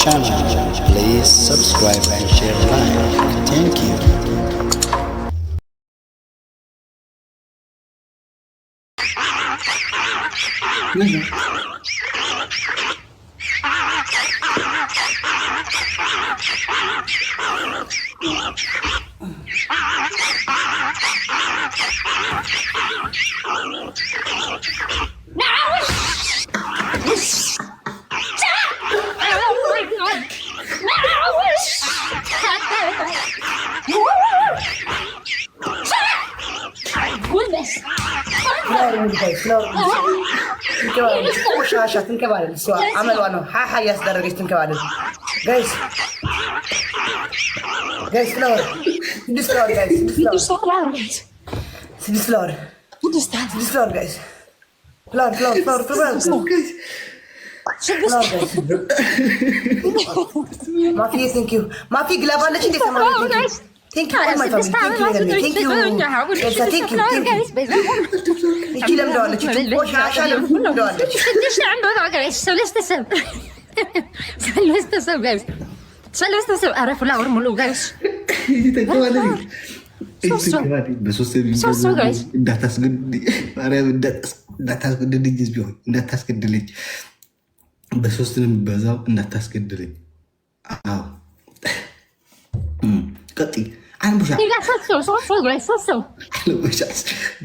channel. Please subscribe and share like. Thank you. Mm -hmm. ቆሻሻ ትንከባለል። እሷ አመሏ ነው ሀሀ እያስደረገች ትንከባለል። ጋይስ ጋይስ ፍላወር ስድስት ፍላወር ጋይስ ስድስት ፍላወር ስድስት ፍላወር ጋይስ ፍላወር ፍላወር ፍላወር ፍላወር ማፊ ቴንክ ዩ ማፊ ግላባለች እንዴት ተማሪ እንዳታስገድልኝ ቢሆን እንዳታስገድልኝ፣ በሶስትንም በዛው እንዳታስገድልኝ። አዎ ጠጢ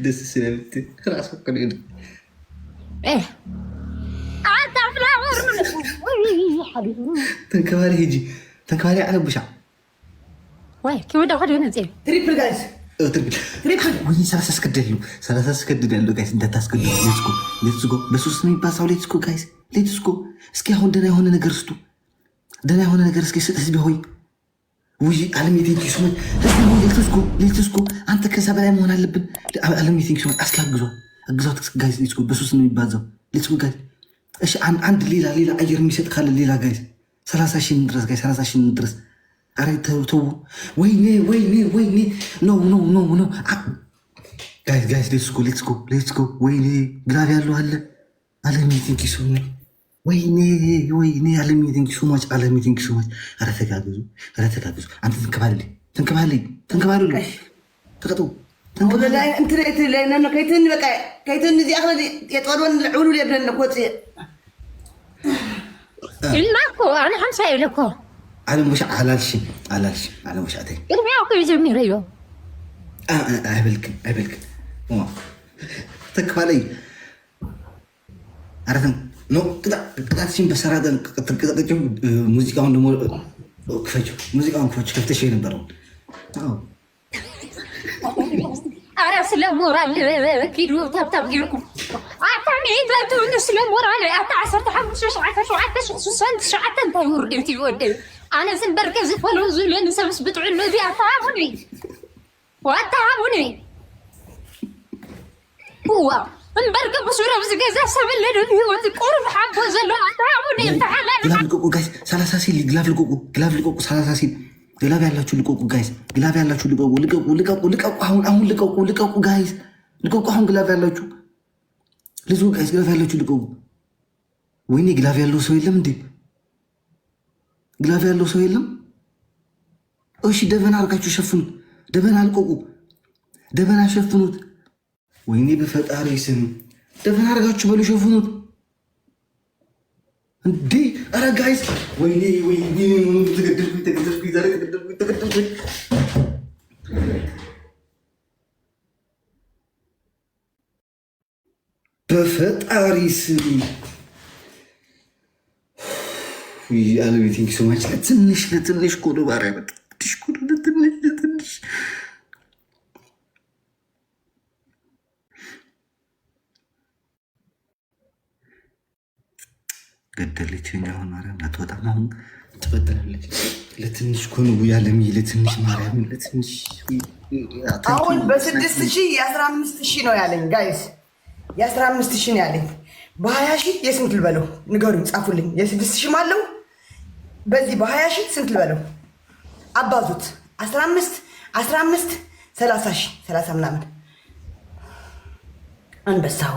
ደስ ስለምትል ራስ ተንከባሪ ሂጂ ተንከባሪ አለቡሻ ሰላሳ አስገድዳለሁ ጋይስ እንዳታስገድዱ። ሌትስኮ ሌትስኮ በሶስት ነው የሚባል ሰው እስኪ አሁን ደህና የሆነ ነገር ስጡ፣ ደህና የሆነ ነገር እስኪ ስጥ ህዝቤ ሆይ ውይ አለም የቴንኪ ሶመን እዚህ ሌትስኮ ሌትስኮ አንተ ከዛ በላይ መሆን አለብን። አለም የቴንኪ ሶመን አስኪ አግዟ አግዟት ጋይዝ ሌትስኮ በሶስት ነው የሚባዛው። ሌትስኮ ጋይዝ እሺ፣ አንድ ሌላ ሌላ አየር የሚሰጥ ካለ ሌላ ጋይዝ ሰላሳ ሺህ እንድረስ ጋይዝ ሰላሳ ሺህ እንድረስ። አረ ተው ተው፣ ወይኔ ወይኔ ወይኔ፣ ኖ ኖ ኖ ኖ ጋይዝ ጋይዝ ሌትስኮ ሌትስኮ ሌትስኮ። ወይኔ ግላብ ያለው አለ አለም የቴንኪ ሶመን ወይኔ ወይኔ፣ አለሚ ቴንክ ሶ ማች አለሚ ቴንክ ሶ ማች። ኧረ ተጋግዙ፣ ኧረ ተጋግዙ። አንተ ተንከባልልኝ፣ ተንከባልልኝ፣ ተንከባልልኝ፣ ተቀጡ ተንከባልልኝ ቅጣትሽን በሰራተን ትቀጣጠችው። ሙዚቃውን ደግሞ ክፈችው፣ ሙዚቃውን ክፈችው። ከፍተሽ የነበረው አረ ስለ ሞራል ኪዱ ታብታብ ጊልኩ ኣታሚ በቱን ስለ ሞራል ኣታ ዓሰርተ ሓሙሽተ ሸዓተ ሸዓተ ሽሱሳን ትሸዓተ እንታይ ውርድምቲ ይወደብ ኣነ ዝንበርከ ዝፈሎ ዝብለኒ ሰብስ ብጥዕሎ እዚ ኣተሃቡኒ ዋኣተሃቡኒ ዋ ሰላሳ ያላችሁ ልቀቁ፣ ያላችሁ ልቀቁ፣ ልቀቁ፣ ልቀቁ፣ ልቀቁ፣ አሁን አሁን ልቀቁ፣ ልቀቁ፣ ጋይዝ ልቀቁ፣ አሁን ያላችሁ ልዙ፣ ያላችሁ ልቀቁ። ወይኔ ያለው ሰው የለም እንዴ? ያለው ሰው የለም። እሺ ደበና አርጋችሁ ሸፍኑት። ደበና አልቀቁ፣ ደበና ሸፍኑት። ወይኔ በፈጣሪ ስም ደፈን አድርጋችሁ በሉ ሸፍኑት እንዴ! ኧረ ጋይስ ወይኔ ወይኔ ተገደልኩኝ ተገደልኩኝ ዛሬ ተገደልኩኝ ተገደልኩኝ። በፈጣሪ ስም አለቤቴንኪ ሶማች ለትንሽ ለትንሽ ቆዶ ባሪያ በጣም ትንሽ ቆዶ ለትንሽ ለትንሽ ገደለችኝ። አሁን ማርያም ናት። በጣም አሁን ትበጠላለች። ለትንሽ ኮን ኮንቡ ለሚ ለትንሽ ማርያም ለትንሽ አሁን በስድስት ሺህ የአስራ አምስት ሺህ ነው ያለኝ ጋይስ፣ የአስራ አምስት ሺህ ነው ያለኝ። በሀያ ሺህ የስንት ልበለው ንገሩኝ፣ ጻፉልኝ። የስድስት ሺህ አለው በዚህ በሀያ ሺህ ስንት ልበለው አባዙት። አስራ አምስት አስራ አምስት ሰላሳ ሺህ ሰላሳ ምናምን አንበሳው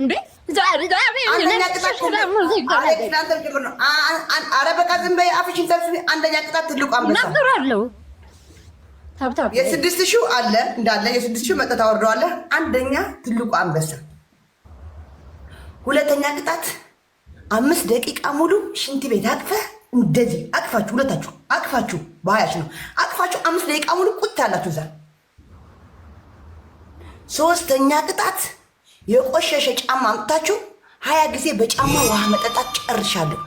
እንዴ ኧረ በቃ ዝም በይ አፍሽን ሰብስቢ። አንደኛ ቅጣት ትልቁ አንበሳ የስድስት ሺው አለ እንዳለ የስድስት ሺው መጠጥ አወርደዋለሁ። አንደኛ ትልቁ አንበሳ፣ ሁለተኛ ቅጣት አምስት ደቂቃ ሙሉ ሽንት ቤት አቅፈህ እንደዚህ አቅፋችሁ ሁለታችሁ አቅፋችሁ በሀያች ነው አቅፋችሁ አምስት ደቂቃ ሙሉ ቁጭ ያላችሁ እዛ። ሶስተኛ ቅጣት የቆሸሸ ጫማ አምጥታችሁ ሀያ ጊዜ በጫማ ውሃ መጠጣት ጨርሻለሁ።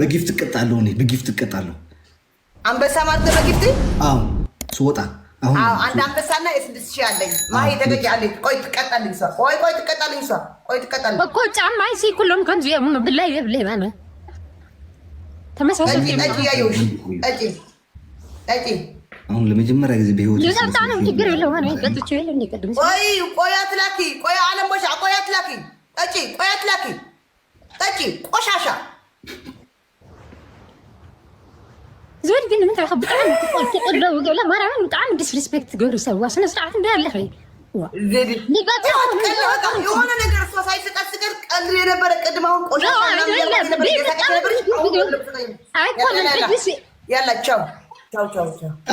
በጊፍት እቀጣለሁ። እኔ በጊፍት እቀጣለሁ። አንበሳ ማለት በጊፍት አዎ። ስወጣ አንድ አንበሳና የስድስት ሺህ አለኝ። ማሂ ተገኛለች። ቆይ ትቀጣልኝ እሷ። ቆይ ቆይ ትቀጣልኝ እሷ። ቆይ ትቀጣልኝ እኮ ጫማ ሲ ሁሉም ከንዙ የሙኑ ብላይ ብላይ ባለ ተመሳሳይ ጠጪ ጠጪ ጠጪ ጠጪ አሁን ለመጀመሪያ ጊዜ በህይወት ነው። ችግር የለውም። ቆይ ቆይ አትላኪ፣ ቆይ አለምቦሻ፣ ቆይ አትላኪ፣ ጠጪ፣ ቆይ አትላኪ፣ ጠጪ፣ ቆሻሻ ዝብል ግን ምንታይ ከ ብጣዕሚ ትቀደው ገለ ማርያምን ብጣዕሚ ዲስሪስፔክት ትገብሪ ሰብዋ ስነ ስርዓት እንዳያለኸ የሆነ ነገር እሷ ሳይሰቀስቀር ቀልድ የነበረ ቅድም አሁን ቆሻሻ ያላቸው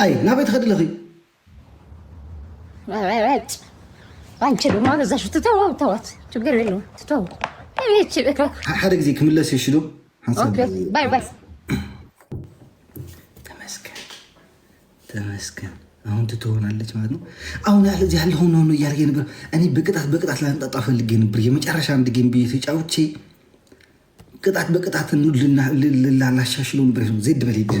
አይ ናበይ ትኸድለ አንቺ ድማ በዛሽ ትተዋ ተዋት፣ ችግር የለውም ትተው። ሓደ ግዜ ክምለስ ይሽሉ ተመስገን ተመስገን። አሁን ትትሆናለች ማለት ነው። አሁን ያለ እዚህ ያለ ሆኖ እያደረገ ነበር። እኔ በቅጣት በቅጣት ላይ አንጣጣ ፈልጌ ነበር። የመጨረሻ አንድ ጌም ብዬ ተጫውቼ ቅጣት በቅጣት ልላላሻሽለው ነበር። ዜድ በል ሂድ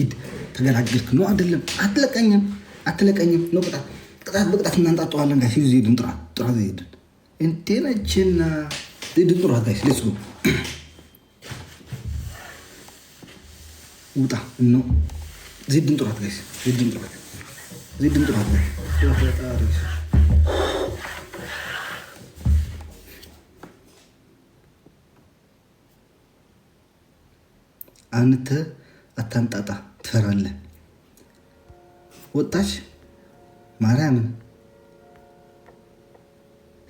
ሂድ ተገላገልክ ነው አይደለም። አትለቀኝም አትለቀኝም ነው ቅጣት ቅጣት በቅጣት እናንጣጠዋለን። ጋሽ ዜድን ጥራ ጥራ ዜድን እንቴናችና ዜድን ጥራ ጋሽ ሌስ ውጣ ነው ዜድን ጥራት ጋሽ ዜድን ጥራት ዜድን ጥራት ጋሽ አንተ አታምጣጣ ትፈራለ። ወጣች ማርያምን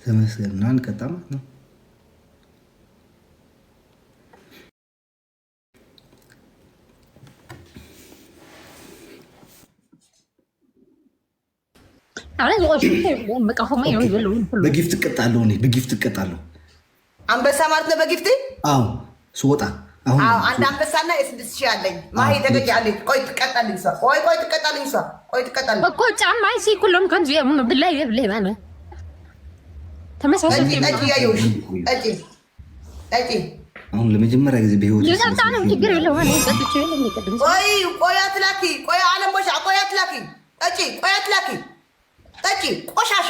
ተመስገን ምናምን ቀጣ ማለት ነው። በጊፍት እቀጣለሁ እኔ በጊፍት እቀጣለሁ። አንበሳ ማለት ነው በጊፍት አዎ ስወጣ አንድ አንበሳና የስድስት ሺህ አለኝ። ቆይ ትቀጣልኝ እሷ። ቆይ ቆይ ትቀጣልኝ እሷ። ቆይ ትቀጣልኝ እኮ ጫማ ሲ ኩሎም ከንዙ የሙ ተመሳሳይ ጠጪ ጠጪ ጠጪ አሁን ለመጀመሪያ ጊዜ በህይወት ነው። ችግር የለውም። ጠጥቼ ቆይ ቆይ አትላኪ ቆይ ቆይ አትላኪ ጠጪ ቆይ አትላኪ ጠጪ ቆሻሻ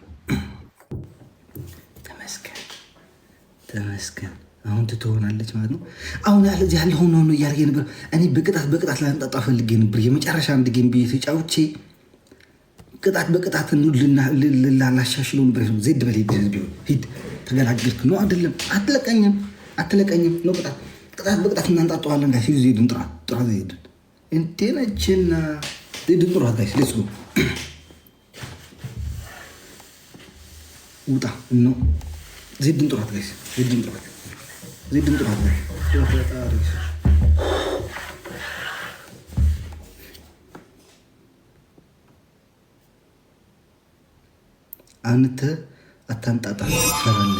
ተመስገን አሁን ትትሆናለች ማለት ነው። አሁን ያለሆን ሆኖ እያደረገ ነበር። እኔ በቅጣት በቅጣት ላንጣጣ ፈልጌ ነበር። የመጨረሻ አንድ ጌም ብዬ ተጫውቼ ቅጣት በቅጣት ላሻሽለው ነበር። ዜድ በል ሂድ፣ ተገላገልክ ነው አይደለም? አትለቀኝም፣ አትለቀኝም ነው ቅጣት ቅጣት በቅጣት እናንጣጠዋለን። ጋሽ ዜድን ጥራ፣ ጥራ ዜድን እንቴነችና ዜድን ጥሯ። ጋሽ ሌስ ውጣ ነው ዜድን ጥሯት ጋይስ፣ ዜድን ጥሯት፣ ዜድን ጥሯት ጋይስ። አንተ አታንጣጣ ሰበለ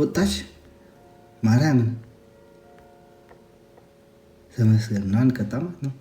ወጣች ማርያምን ተመስገን ነው። አንቀጣ ነው